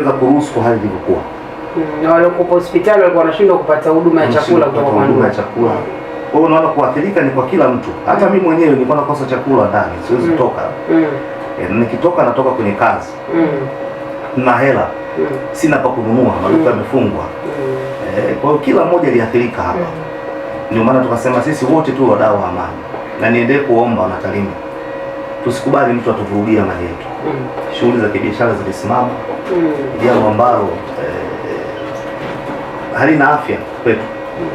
za kuruhusu kwa hali ilivyokuwa na mm, waliokuwa hospitali walikuwa wanashindwa kupata huduma ya chakula kwa kwa huduma ya chakula. Kwa hiyo unaona kuathirika ni kwa kila mtu, hata mimi mwenyewe nilikuwa nakosa chakula ndani, siwezi mm. kutoka mm. E, nikitoka natoka kwenye kazi mm. na hela mm. sina pa kununua, maduka yamefungwa mm. E, kwa hiyo kila mmoja aliathirika hapa mm. Ndio maana tukasema sisi wote tu wadau wa amani, na niendelee kuomba na wanatalima tusikubali mtu atuvurugie mali yetu. mm. Shughuli za kibiashara zilisimama, mm. jambo mm. ambalo eh, halina afya kwetu. mm.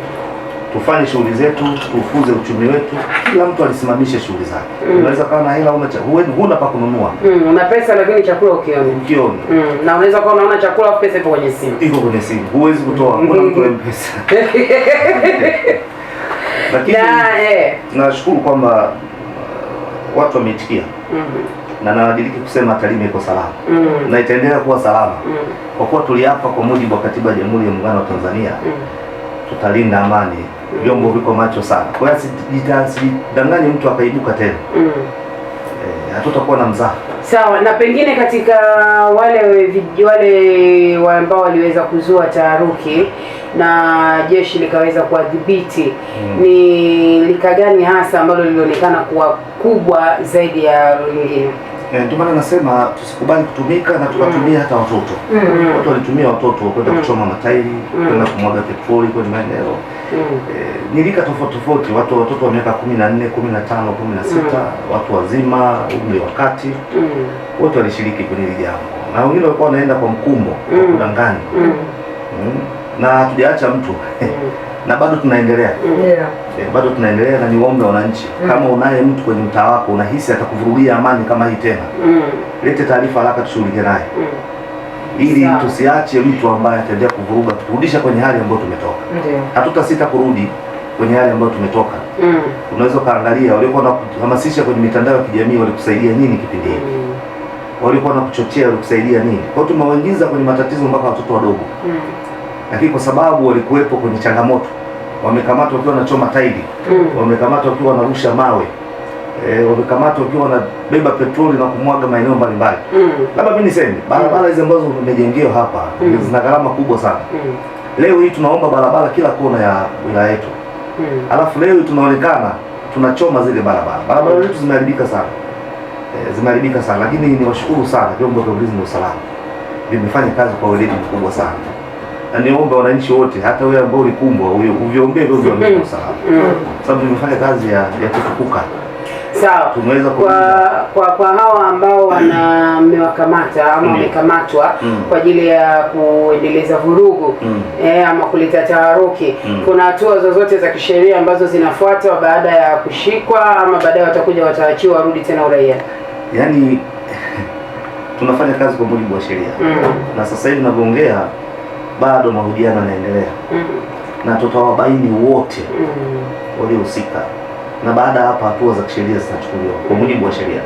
Tufanye shughuli zetu, tufuze uchumi wetu, kila mtu alisimamishe shughuli zake. mm. Unaweza kuwa na hela una huna pa kununua, mm. una pesa lakini chakula ukiona ukiona, mm. na unaweza kuwa unaona chakula, pesa iko kwenye simu, iko kwenye simu, huwezi kutoa, mm. kuna mtu mpesa. Lakini eh. nashukuru kwamba watu wameitikia mm -hmm. na nawadiriki kusema Tarime iko salama mm -hmm. na itaendelea kuwa salama mm -hmm. kwa kuwa tuliapa kwa mujibu wa katiba ya Jamhuri ya Muungano wa Tanzania mm -hmm. tutalinda amani mm-hmm. vyombo mm -hmm. viko macho sana. Kwa hiyo asijidanganye mtu akaibuka tena mm -hmm. e, hatutakuwa na mzaha Sawa. Na pengine katika wale wale ambao waliweza kuzua taharuki na jeshi likaweza kuwadhibiti hmm. ni lika gani hasa ambalo lilionekana kuwa kubwa zaidi ya lingine? Eh, ndio maana nasema tusikubali kutumika na tukatumia mm. hata watoto. Mm-hmm. Watu walitumia watoto kwenda mm. kuchoma matairi, kwenda mm. kumwaga petroli kwenye maeneo eh, ni rika tofauti tofauti, watu watoto wa miaka kumi na nne, kumi na tano, kumi na sita, watu wazima, umri wa kati, wote walishiriki kwenye hili jambo, na wengine walikuwa wanaenda kwa mkumbo wa kudanganya na hatujaacha mtu na bado tunaendelea yeah. E, bado tunaendelea na niombe wananchi mm. kama unaye mtu kwenye mtaa wako unahisi atakuvurugia amani kama hii tena mm. lete taarifa haraka tushughulike naye mm. ili yeah. tusiache mtu ambaye ataendelea kuvuruga, turudisha kwenye hali ambayo tumetoka yeah. hatutasita kurudi kwenye hali ambayo tumetoka mm. unaweza ukaangalia waliokuwa wanakuhamasisha kwenye mitandao ya kijamii walikusaidia nini kipindi hiki mm walikuwa na kuchochea kusaidia nini? Kwa tumewaingiza kwenye matatizo mpaka watoto wadogo mm lakini kwa sababu walikuwepo kwenye changamoto, wamekamatwa wakiwa wanachoma tairi mm. wamekamatwa wakiwa wanarusha mawe e, wamekamatwa wakiwa wanabeba petroli na kumwaga maeneo mbalimbali mm. labda mimi niseme barabara hizi ambazo umejengewa hapa mm. zina gharama kubwa sana mm. Leo hii tunaomba barabara kila kona ya wilaya yetu mm. alafu leo tunaonekana tunachoma zile barabara barabara mm. zetu mm. zimeharibika sana e, zimeharibika sana lakini, niwashukuru sana vyombo vya ulinzi na usalama vimefanya kazi kwa weledi mkubwa sana niombe wananchi wote, hata wewe ambao ulikumbwa, uviombee hivyo viombee kwa mm. sababu mm. sababu tumefanya kazi ya, ya kutukuka. sawa. Tumeweza kwa, kwa kwa hawa ambao wana mm. mmewakamata ama wamekamatwa mm. kwa ajili ya kuendeleza vurugu mm. eh, ama kuleta taharuki mm. kuna hatua zozote za kisheria ambazo zinafuatwa baada ya kushikwa ama baadaye watakuja wataachiwa warudi tena uraia? Yaani tunafanya kazi kwa mujibu wa sheria mm. na sasa hivi ninavyoongea bado mahojiano yanaendelea mm -hmm. na tutawabaini wote mm -hmm. waliohusika, na baada ya hapa hatua za kisheria zitachukuliwa kwa mujibu wa sheria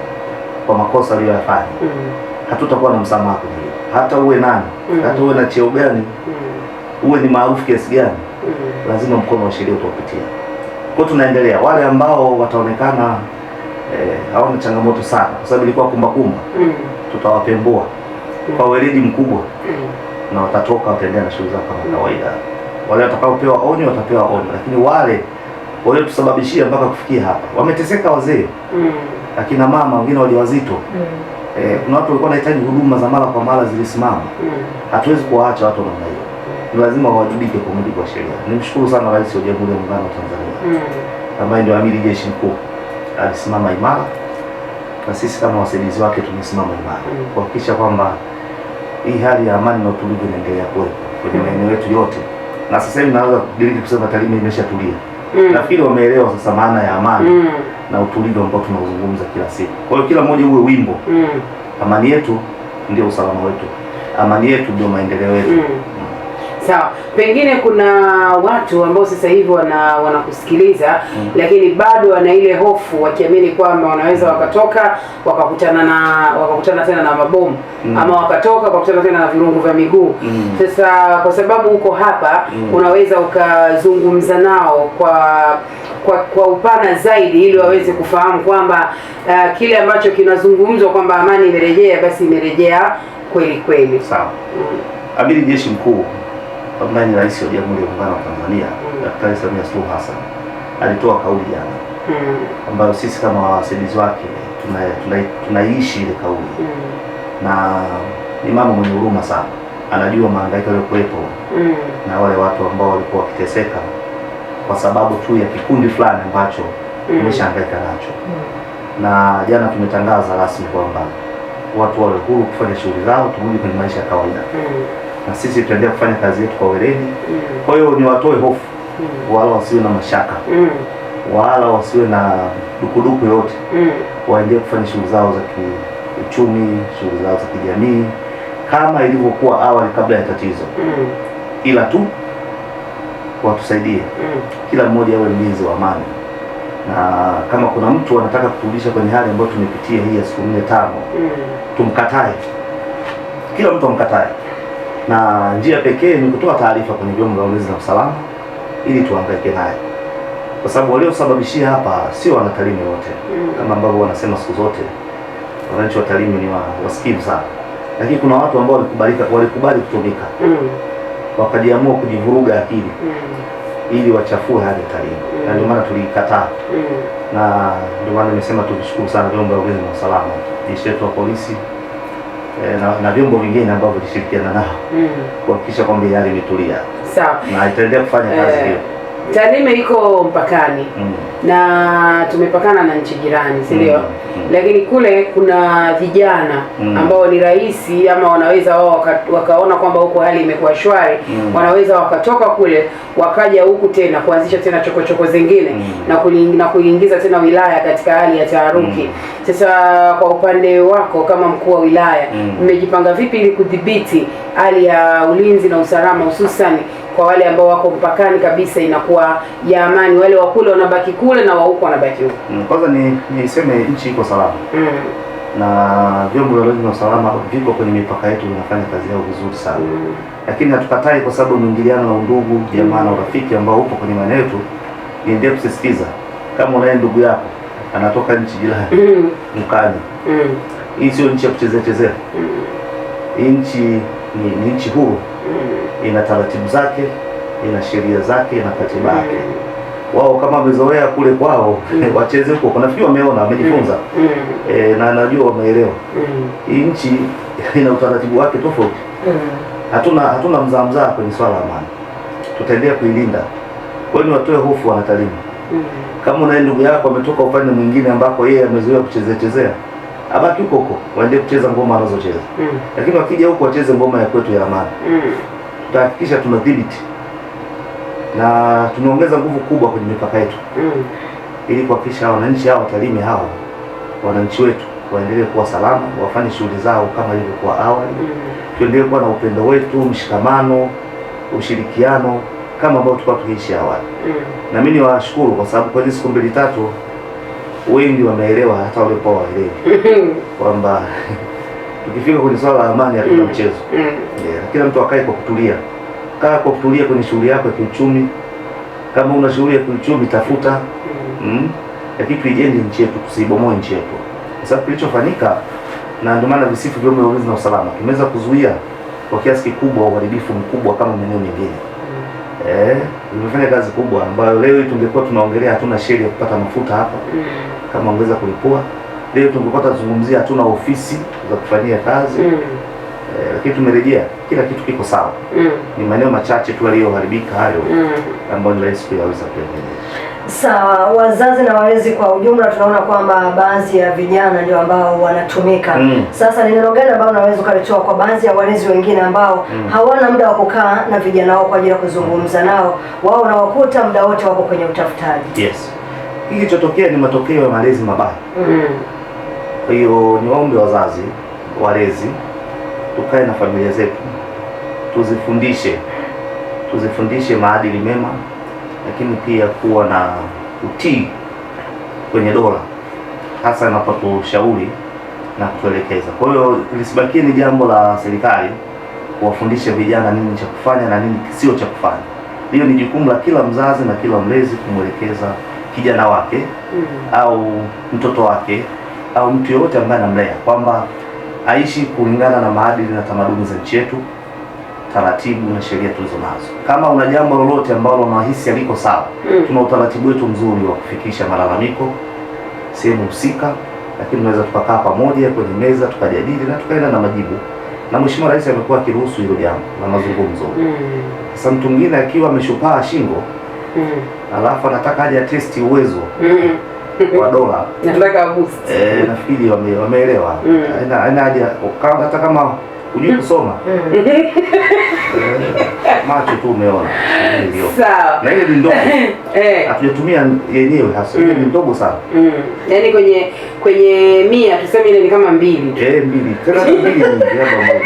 kwa makosa aliyoyafanya. mm -hmm. hatutakuwa na msamaha kwenye hiyo, hata uwe nani mm -hmm. hata uwe na cheo gani mm -hmm. uwe ni maarufu kiasi gani mm -hmm. lazima mkono wa sheria utawapitia. Kwa tunaendelea wale ambao wataonekana eh, hawana changamoto sana, kwa sababu ilikuwa kumbakumba mm -hmm. tutawapembua mm -hmm. kwa weledi mkubwa mm -hmm na watatoka wataendelea na shughuli zao kama kawaida. Wale watakaopewa onyo watapewa onyo, lakini wale waliotusababishia mpaka kufikia hapa wameteseka, wazee mm. akina mama wengine wajawazito mm. Eh, kuna watu walikuwa wanahitaji huduma za mara kwa mara zilisimama. Mm. Hatuwezi mm. kuwaacha watu namna hiyo, ni lazima wawajibike kwa mujibu wa sheria. Nimshukuru sana Rais wa Jamhuri ya Muungano wa Tanzania mm. ambaye ndio amiri jeshi mkuu alisimama imara, na sisi kama wasaidizi wake tumesimama imara mm. kuhakikisha kwamba hii hali ya amani na utulivu inaendelea kwetu kwenye maeneo yetu yote, na sasa hivi naweza kudiriki kusema Tarime imeshatulia. Mm. Nafikiri wameelewa sasa maana ya amani mm. na utulivu ambao tunauzungumza kila siku. Kwa hiyo kila mmoja uwe wimbo mm. amani yetu ndio usalama wetu, amani yetu ndio maendeleo yetu mm. Sawa, pengine kuna watu ambao sasa hivi wana wanakusikiliza mm, lakini bado wana ile hofu wakiamini kwamba wanaweza wakatoka wakakutana na wakakutana tena na mabomu mm, ama wakatoka wakakutana tena na virungu vya miguu mm. Sasa kwa sababu uko hapa mm, unaweza ukazungumza nao kwa kwa kwa upana zaidi ili waweze kufahamu kwamba uh, kile ambacho kinazungumzwa kwamba amani imerejea, basi imerejea kweli kweli. Sawa. Amiri Jeshi Mkuu ambaye ni rais wa Jamhuri ya Muungano wa Tanzania Daktari Samia Suluhu Hassan alitoa kauli jana hmm. ambayo sisi kama wasaidizi wake tunaishi tuna, tuna ile kauli hmm. na ni mama mwenye huruma sana, anajua mahangaiko yaliyokuwepo mm. na wale watu ambao walikuwa wakiteseka kwa sababu tu ya kikundi fulani ambacho tumeshahangaika hmm. mm. nacho mm. na jana tumetangaza rasmi kwamba watu wawe huru kufanya shughuli zao, turudi kwenye maisha ya kawaida mm na sisi tutaendelea kufanya kazi yetu kwa weledi. Mm. Kwa hiyo ni watoe hofu, mm. wala wasiwe na mashaka, mm. wala wasiwe na dukuduku yote, waendelee kufanya shughuli zao za kiuchumi, shughuli zao za kijamii kama ilivyokuwa awali kabla ya tatizo, ila tu watusaidie, kila mmoja awe mlinzi wa amani na kama kuna mtu anataka kuturudisha kwenye hali ambayo tumepitia hii ya siku nne tano, mm. tumkatae, kila mtu amkatae na njia pekee ni kutoa taarifa kwenye vyombo vya ulinzi na usalama ili tuhangaike naye, kwa sababu waliosababishia hapa sio wanatalimi wote mm. kama ambavyo wanasema siku zote. Wananchi wa Tarime ni wasikivu sana, lakini kuna watu ambao walikubalika, walikubali kutumika mm. wakajiamua kujivuruga akili mm. ili wachafue hali ya Tarime mm. na ndio maana tulikataa mm. na ndio maana nimesema tulishukuru sana vyombo vya ulinzi na usalama, jeshi letu la polisi Eh, na, na vyombo vingine ambavyo tulishirikiana nao mm. kuhakikisha kwamba hali imetulia na itaendelea kufanya kazi eh, hiyo. Tarime iko mpakani mm. na tumepakana na nchi jirani, si ndio? Mm. mm. Lakini kule kuna vijana mm. ambao ni rahisi ama wanaweza wao waka, wakaona kwamba huko hali imekuwa shwari mm. wanaweza wakatoka kule wakaja huku tena kuanzisha tena chokochoko zingine mm. na kuingiza tena wilaya katika hali ya taharuki. Mm. Sasa kwa upande wako kama mkuu wa wilaya mm. mmejipanga mm. vipi ili kudhibiti hali ya ulinzi na usalama hususani kwa wale ambao wako mpakani kabisa inakuwa ya amani, wale wa kule wanabaki kule na wa huko wanabaki huko. Mm, kwanza ni niseme nchi iko salama mm. na vyombo vya ulinzi na usalama viko kwenye mipaka yetu vinafanya kazi yao vizuri sana mm. lakini hatukatai kwa sababu mwingiliano na undugu jamaa na urafiki ambao upo kwenye maeneo yetu, niendelee kusisitiza kama unaye ndugu yako anatoka nchi jirani mm. mkaji mm. hii mm. sio nchi ya kuchezea chezea mm. nchi ni, ni nchi huru, mm. ina taratibu zake, ina sheria zake, ina katiba mm. yake. Wao kama wamezoea kule kwao mm. wacheze huko, nafikiri wameona, wamejifunza e, na najua wameelewa hii nchi ina utaratibu wake tofauti. Hatuna hatuna mzaa mzaa kwenye swala la amani, tutaendelea kuilinda. Kwa hiyo watoe hofu wanatalimu, kama unaye ndugu yako ametoka upande mwingine ambako yeye amezoea kuchezea chezea abaki huko huko, waende kucheza ngoma anazocheza mm. Lakini wakija huko wacheze ngoma ya kwetu ya amani mm. Tutahakikisha tunadhibiti na tunaongeza nguvu kubwa kwenye mipaka yetu mm. Ili kuhakikisha wananchi hao watalimi hao wananchi wetu waendelee kuwa salama, wafanye shughuli zao kama ilivyokuwa awali mm. Tuendelee kuwa na upendo wetu, mshikamano, ushirikiano kama ambao tulikuwa tukiishi awali mm. Na mimi niwashukuru kwa sababu kwa hizi siku mbili tatu wengi wanaelewa, hata wale kwa waelewe kwamba tukifika kwenye swala la amani hatuna mm, mchezo. Mm. Yeah, kila mtu akae kwa kutulia, kaa kwa kutulia kwenye shughuli yako ya kiuchumi. Kama una shughuli ya kiuchumi tafuta, mm, lakini mm, tuijenge nchi yetu, tusiibomoe nchi yetu, kwa sababu kilichofanyika, na ndio maana visifu vyombo vya ulinzi na usalama tumeweza kuzuia kwa kiasi kikubwa uharibifu mkubwa kama maeneo mengine eh imefanya kazi kubwa ambayo leo tungekuwa tunaongelea hatuna sheri ya kupata mafuta hapa mm. kama ungeweza kulipua leo tungekuwa tunazungumzia hatuna ofisi za kufanyia kazi mm. E, lakini tumerejea, kila kitu kiko sawa mm. Ni maeneo machache tu yaliyoharibika hayo mm. ambayo ni rahisi kuyaweza kuyaendelea. Sawa, wazazi na walezi kwa ujumla tunaona kwamba baadhi ya vijana ndio ambao wanatumika. Mm. Sasa ni neno gani ambao unaweza ukalitoa kwa baadhi ya walezi wengine ambao mm. hawana muda wa kukaa na vijana wao kwa ajili ya kuzungumza nao, wao wanawakuta muda wote wako kwenye utafutaji? Yes, hiki kilichotokea ni matokeo ya malezi mabaya. Mm. Kwa hiyo ni waombe wazazi, walezi, tukae na familia zetu, tuzifundishe, tuzifundishe maadili mema lakini pia kuwa na utii kwenye dola, hasa inapotushauri na kutuelekeza. Kwa hiyo lisibakie ni jambo la serikali kuwafundisha vijana nini cha kufanya na nini sio cha kufanya. Hiyo ni jukumu la kila mzazi na kila mlezi kumwelekeza kijana wake mm au mtoto wake au mtu yoyote ambaye anamlea kwamba aishi kulingana na maadili na tamaduni za nchi yetu taratibu na sheria tulizonazo. Kama una jambo lolote ambalo unahisi haliko sawa, mm. tuna utaratibu wetu mzuri wa kufikisha malalamiko sehemu husika, lakini tunaweza tukakaa pamoja kwenye meza tukajadili na tukaenda na majibu, na Mheshimiwa Rais amekuwa akiruhusu hilo jambo na mazungumzo. Mm. Sasa mm. mtu mwingine akiwa ameshupaa shingo mm. alafu anataka aje atesti uwezo mm wa dola nataka boost eh, nafikiri wameelewa wame, mm. haja hata kama Ujui kusoma mm. macho tu umeona, sawa. Na ile ni ndogo, eh. hatujatumia yenyewe hasa, ile ni mm. ndogo sana. Mm. Yaani kwenye kwenye mia tuseme ile ni kama mbili, eh, mbili tena mbili, jambo moja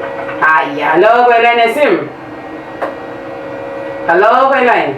Aya, hello kwa line ya simu. Hello kwa line.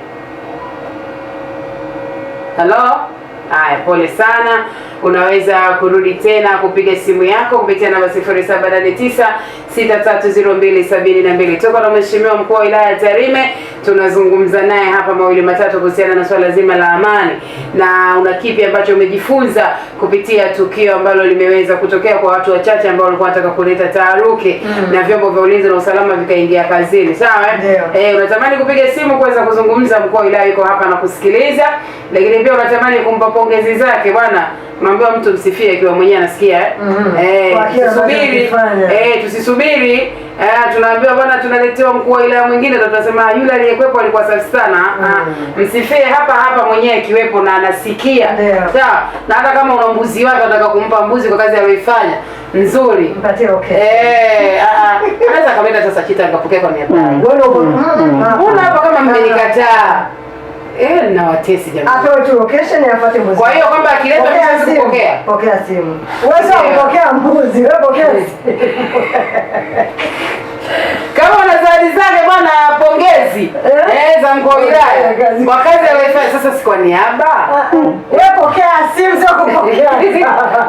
Hello? Aya, pole sana unaweza kurudi tena kupiga simu yako kupitia namba 0789630272. Toka na Mheshimiwa mkuu wa wilaya ya Tarime, tunazungumza naye hapa mawili matatu kuhusiana na swala zima la amani, na una kipi ambacho umejifunza kupitia tukio ambalo limeweza kutokea kwa watu wachache ambao walikuwa wanataka kuleta taharuki mm -hmm. na vyombo vya ulinzi na usalama vikaingia kazini, sawa eh? eh? Unatamani kupiga simu kuweza kuzungumza, mkuu wa wilaya yuko hapa na kusikiliza, lakini pia unatamani kumpa pongezi zake bwana unaambiwa mtu msifie akiwa mwenyewe anasikia mm Eh, mhm. eh tusisubiri eh, tusisubiri eh, tunaambiwa bwana, tunaletewa mkuu wa wilaya mwingine, ndio tunasema yule aliyekuwepo alikuwa safi sana mm msifie hapa hapa mwenyewe akiwepo na anasikia yeah. Sawa, na hata kama una mbuzi wako unataka kumpa mbuzi kwa kazi aliyoifanya nzuri, mpatie okay. Eh, ah, ah. anaweza kamenda sasa kita akapokea kwa mia tano. Wewe unaona mm. mm. mm. hapa kama mmenikataa Eh, na watesi jamani. Atoe tu location mbuzi. Kwa hiyo kwamba akileta mbuzi kupokea. Pokea simu. kupokea mbuzi, wewe pokea simu. Kama nilikuwa na pongezi eh, eh za mkoirai eh, kwa kazi aliyofanya. Sasa si kwa niaba, ah, ah. wewe pokea simu, sio kupokea.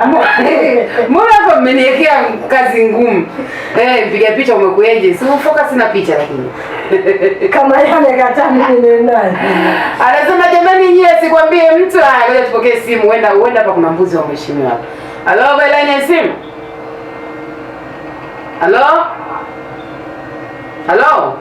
Mbona hapo mmeniwekea kazi ngumu eh? Mpiga picha umekueje? Si focus na picha, lakini kama yeye amekataa, mimi ni nani? Anasema jamani, nyie sikwambie mtu. Haya, ngoja tupokee simu, huenda huenda hapa kuna mbuzi wa mheshimiwa. Halo, kwa line ya simu. Halo. Halo.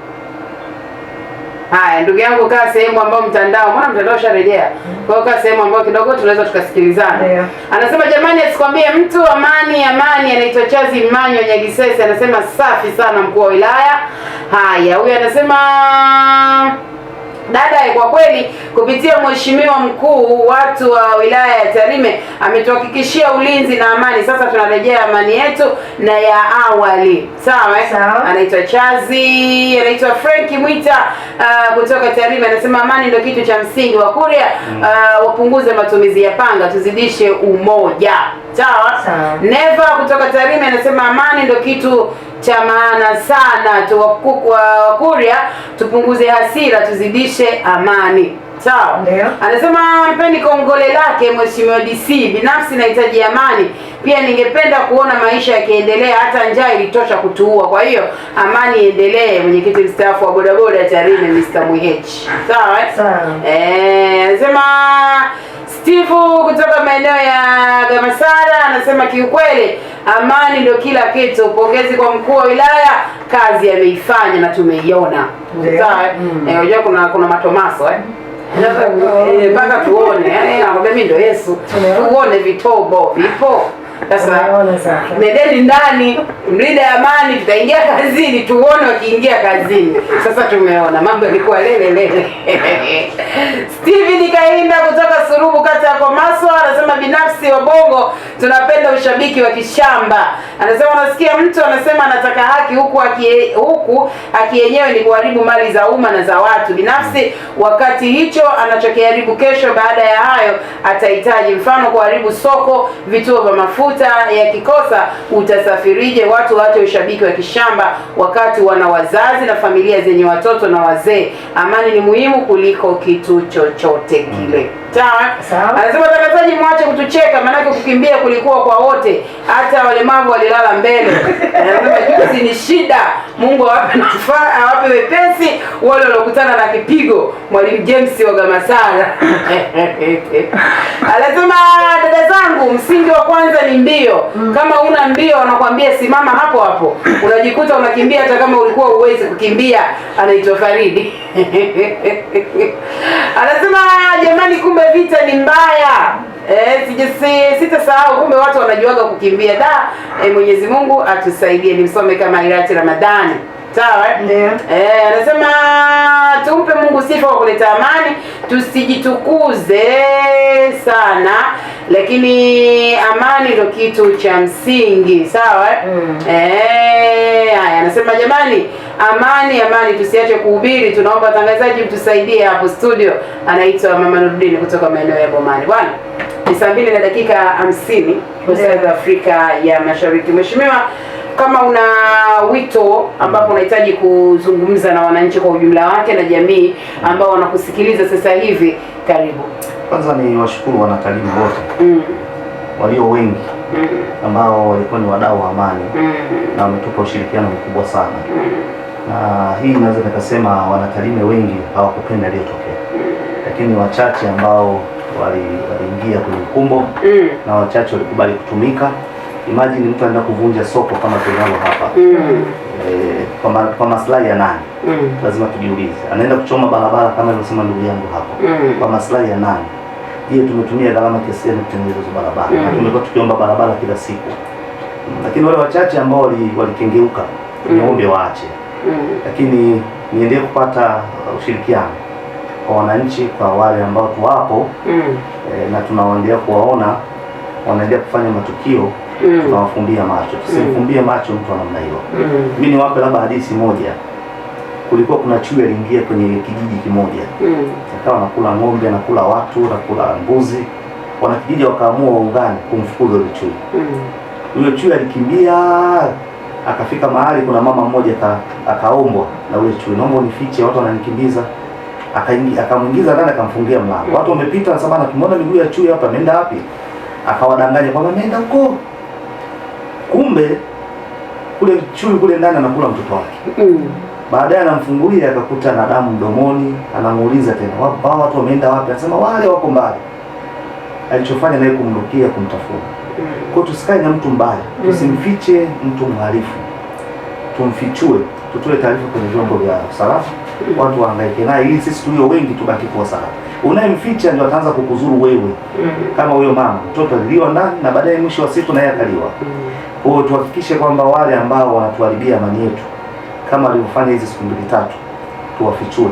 Haya, ndugu yangu, kaa sehemu ambayo mtandao, mbona mtandao usharejea. Kwa hiyo kaa sehemu ambayo kidogo tunaweza tukasikilizana. Yeah. Anasema jamani, asikwambie mtu amani, amani. Anaitwa Chazi Manyo Nyagisese, anasema safi sana mkuu wa wilaya. Haya, huyu anasema Dada, kwa kweli kupitia mheshimiwa mkuu, watu wa wilaya ya Tarime ametuhakikishia ulinzi na amani. Sasa tunarejea amani yetu na ya awali, sawa eh? sawa. Anaitwa Chazi, anaitwa Franki Mwita uh, kutoka Tarime, anasema amani ndio kitu cha msingi wa Kuria. Uh, wapunguze matumizi ya panga, tuzidishe umoja, sawa. Neva kutoka Tarime anasema amani ndio kitu cha maana sana. Wakurya, tupunguze hasira, tuzidishe amani. Sawa, anasema mpeni kongole lake Mheshimiwa DC, binafsi nahitaji amani pia. Ningependa kuona maisha yakiendelea, hata njaa ilitosha kutuua. Kwa hiyo amani iendelee. Mwenyekiti mstaafu wa bodaboda Tarime, Mr. Mwihechi. Sawa, eh? Eh, anasema Steve kutoka maeneo ya Gamasara anasema kiukweli, amani ndio kila kitu. Pongezi kwa mkuu wa wilaya, kazi ameifanya na tumeiona. Eh, mm. eh, unajua kuna kuna matomaso eh, eh mpaka tuone, mimi ndio Yesu, tuone vitobo vipo sasa nendeni ndani, mlinde amani, tutaingia kazini, tuone wakiingia kazini. Sasa tumeona mambo yalikuwa lele lele. Steven Kainda kutoka Surubu, kata ya Komaso anasema binafsi Wabongo tunapenda ushabiki wa kishamba. Anasema unasikia mtu anasema anataka haki huku haki, huku haki yenyewe ni kuharibu mali za umma na za watu binafsi. Wakati hicho anachokiharibu, kesho baada ya hayo atahitaji, mfano kuharibu soko, vituo vya mafuta mafuta yakikosa, utasafirije? Watu waache ushabiki wa kishamba wakati wana wazazi na familia zenye watoto na wazee. Amani ni muhimu kuliko kitu chochote kile. Sawa. Anasema takataji, mwache kutucheka, maanake kukimbia kulikuwa kwa wote, hata walemavu walilala mbele. Juzi ni shida. Mungu awape nafaa, awape wepesi wale waliokutana na kipigo. Mwalimu James Wagamasala anasema dada zangu, msingi wa kwanza ni mbio mm. Kama una mbio anakwambia simama hapo hapo, unajikuta unakimbia hata kama ulikuwa uwezi kukimbia. Anaitwa Faridi anasema jamani, kumbe vita ni mbaya. eh, sijisi sitasahau, kumbe watu wanajuaga kukimbia da. Eh, Mwenyezi Mungu atusaidie. Nimsome kama Irati Ramadhani. Sawa eh? Ndio. Eh, anasema tumpe Mungu sifa kwa kuleta amani, tusijitukuze sana, lakini amani ndio kitu cha msingi. Sawa eh? Mm. Eh, haya anasema jamani, amani amani, tusiache kuhubiri. Tunaomba watangazaji mtusaidie hapo studio. Anaitwa Mama Nurudini kutoka maeneo ya Bomani. Bwana ni saa mbili na dakika hamsini kwa saa za Afrika ya Mashariki. Mheshimiwa kama una wito ambapo unahitaji kuzungumza na wananchi kwa ujumla wake na jamii ambao wanakusikiliza sasa hivi, karibu. Kwanza ni washukuru wanatalii wote mm. walio wengi mm. ambao walikuwa ni wadau wa amani mm. na wametupa ushirikiano mkubwa sana mm. na hii naweza nikasema wanatalime wengi hawakupenda iliyotokea mm. lakini wachache ambao waliingia wali kwenye mkumbo mm. na wachache walikubali kutumika imagine mtu anaenda kuvunja soko kama tunalo hapa mm. E, kwa, maslahi ya nani? mm. Lazima tujiulize. Anaenda kuchoma barabara kama alivyosema ndugu yangu hapa mm. kwa maslahi ya nani? Je, tumetumia gharama kiasi gani kutengeneza hizo barabara? mm. na tumekuwa tukiomba barabara kila siku mm. lakini wale wachache ambao walikengeuka wali niombe mm. waache mm. lakini niendelee kupata ushirikiano kwa wananchi, kwa wale ambao tuwapo mm. e, na tunaendelea kuwaona wanaendelea kufanya matukio mm. tunawafumbia macho, tusimfumbie mm. macho mtu wa namna hiyo. Mm. Mimi mi niwape labda hadithi moja. Kulikuwa kuna chui aliingia kwenye kijiji kimoja, mm. akawa nakula ng'ombe, nakula watu, nakula mbuzi. Wanakijiji wakaamua waungane kumfukuza yule chui. Yule chui alikimbia akafika mahali, kuna mama mmoja akaombwa na yule chui, naomba unifiche, watu wananikimbiza akamwingiza ndani akamfungia mlango. Watu wamepita, nasema tumeona miguu ya chui hapa, nenda wapi? Akawadanganya kwamba ameenda huko kumbe kule chui kule ndani anakula mtoto wake mm. Baadaye anamfungulia akakuta na damu mdomoni, anamuuliza tena hao watu wameenda wapi? Anasema wale wako mbali. Alichofanya naye kumrukia kumtafuna. Mm. Kwa tusikae na mtu mbaya, mm. tusimfiche mtu mhalifu, tumfichue, tutoe taarifa kwenye vyombo vya usalama, mm. watu waangaike naye ili sisi tulio wengi tubaki kuwa salama. Unayemficha ndio ataanza kukuzuru wewe, kama huyo mama mtoto aliliwa ndani na baadaye mwisho wa siku naye akaliwa. Huo tuhakikishe kwamba wale ambao wanatuharibia amani yetu kama walivyofanya hizi siku mbili tatu, tuwafichue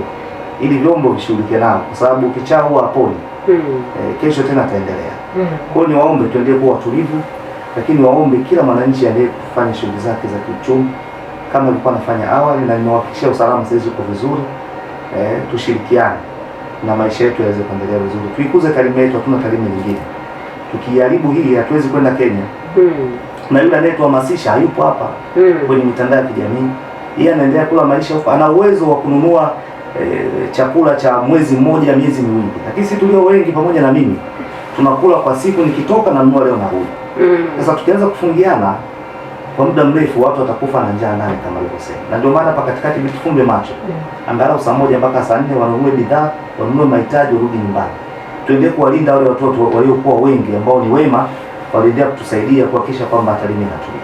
ili vyombo vishughulike nao, kwa sababu kichaa huwa haponi. Hmm. E, kesho tena ataendelea. Hmm. Kwa hiyo waombe tuendelee kuwa watulivu, lakini waombe kila mwananchi aendelee kufanya shughuli zake za kiuchumi kama alikuwa anafanya awali, na nimewahakikishia usalama saizi uko vizuri. E, tushirikiane na maisha yetu yaweze kuendelea vizuri, tuikuze Tarime yetu, hatuna Tarime nyingine. Tukiharibu hii hatuwezi kwenda Kenya. Hmm na yule anayetuhamasisha hayupo hapa mm. kwenye mitandao ya kijamii, yeye anaendelea kula maisha huko, ana uwezo wa kununua e, chakula cha mwezi mmoja, miezi miwili, lakini sisi tulio wengi pamoja na mimi tunakula kwa siku, nikitoka na nanunua leo narudi. Hmm. Sasa mm. tukianza kufungiana kwa muda mrefu watu watakufa na njaa nani, kama alivyosema, na ndio maana pa katikati vitufumbe macho mm. Angalau saa moja mpaka saa nne wanunue bidhaa, wanunue mahitaji, warudi nyumbani. Tuendelee kuwalinda wale watoto waliokuwa wengi ambao ni wema waliendelea kutusaidia kuhakikisha kwamba hata lini hatulia.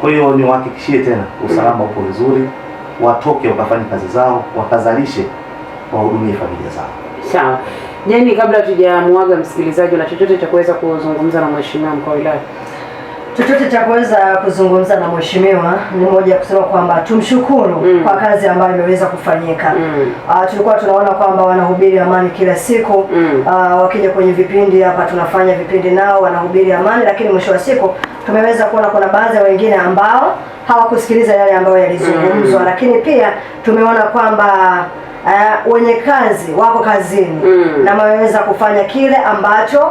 Kwa hiyo niwahakikishie tena, usalama upo vizuri, watoke wakafanye kazi zao, wakazalishe, wahudumie familia zao. Sawa Jeni, kabla tujamuaga msikilizaji, na chochote cha kuweza kuzungumza na mheshimiwa mkuu wa wilaya chochote cha kuweza kuzungumza na mheshimiwa ni moja ya kusema kwamba tumshukuru mm. kwa kazi ambayo imeweza kufanyika mm. Uh, tulikuwa tunaona kwamba wanahubiri amani kila siku mm. Uh, wakija kwenye vipindi hapa tunafanya vipindi nao wanahubiri amani, lakini mwisho wa siku tumeweza kuona kuna baadhi ya wengine ambao hawakusikiliza yale ambayo yalizungumzwa mm. Lakini pia tumeona kwamba uh, wenye kazi wako kazini mm. na wameweza kufanya kile ambacho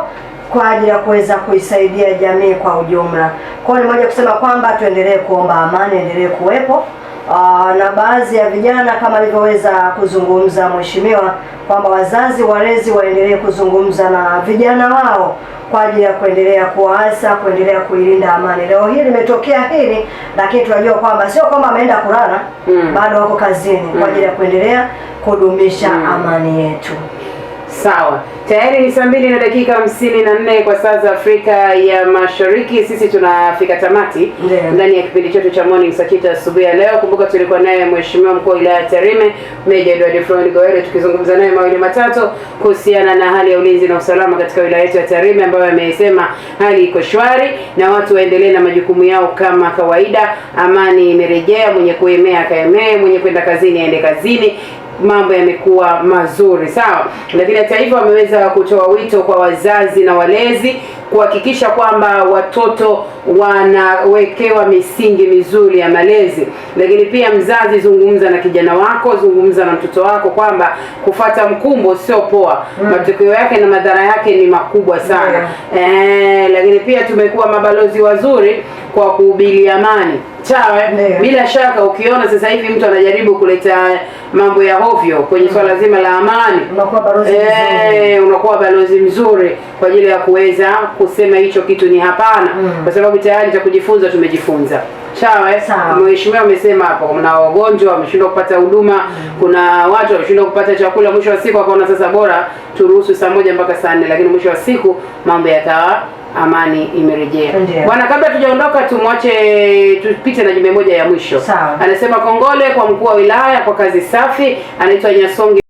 kwa ajili ya kuweza kuisaidia jamii kwa ujumla. Kwa hiyo ni moja kusema kwamba tuendelee kuomba amani endelee kuwepo. Aa, ah, na baadhi ya vijana kama alivyoweza kuzungumza mheshimiwa kwamba wazazi walezi waendelee kuzungumza na vijana wao kwa ajili ya kuendelea kuwaasa kuendelea kuilinda amani. Leo hii limetokea hili, lakini tunajua kwamba sio kwamba ameenda kulala mm. bado wako kazini mm. kwa ajili ya kuendelea kudumisha mm. amani yetu. Sawa, tayari ni saa mbili na dakika hamsini na nne kwa saa za Afrika ya Mashariki. Sisi tunafika tamati ndani ya kipindi chetu cha Morning Sachita asubuhi ya leo. Kumbuka tulikuwa naye mheshimiwa mkuu wa wilaya ya Tarime Meja Edward Fron Goere tukizungumza naye mawili matatu kuhusiana na hali ya ulinzi na usalama katika wilaya yetu ya Tarime, ambayo amesema hali iko shwari na watu waendelee na majukumu yao kama kawaida. Amani imerejea, mwenye kuemea akaemee, mwenye kwenda kazini aende kazini mambo yamekuwa mazuri, sawa. Lakini hata hivyo, wameweza kutoa wito kwa wazazi na walezi kuhakikisha kwamba watoto wanawekewa misingi mizuri ya malezi. Lakini pia, mzazi, zungumza na kijana wako, zungumza na mtoto wako kwamba kufata mkumbo sio poa mm. Matokeo yake na madhara yake ni makubwa sana Yeah. Eh, lakini pia tumekuwa mabalozi wazuri kwa kuhubiri amani. Sawa, eh, bila shaka ukiona sasa hivi mtu anajaribu kuleta mambo ya hovyo kwenye mm. swala zima la amani, unakuwa balozi, eh, unakuwa balozi mzuri kwa ajili ya kuweza kusema hicho kitu ni hapana, mm. kwa sababu tayari cha kujifunza tumejifunza. Eh? Sawa, mheshimiwa amesema hapo, kuna wagonjwa wameshindwa kupata huduma mm. kuna watu wameshindwa kupata chakula, mwisho wa siku akaona sasa bora turuhusu saa moja mpaka saa nne, lakini mwisho wa siku mambo yakawa amani imerejea. Bwana, kabla tujaondoka, tumwache tupite na jumbe moja ya mwisho. Sawa. Anasema kongole kwa mkuu wa wilaya kwa kazi safi, anaitwa Nyasonge.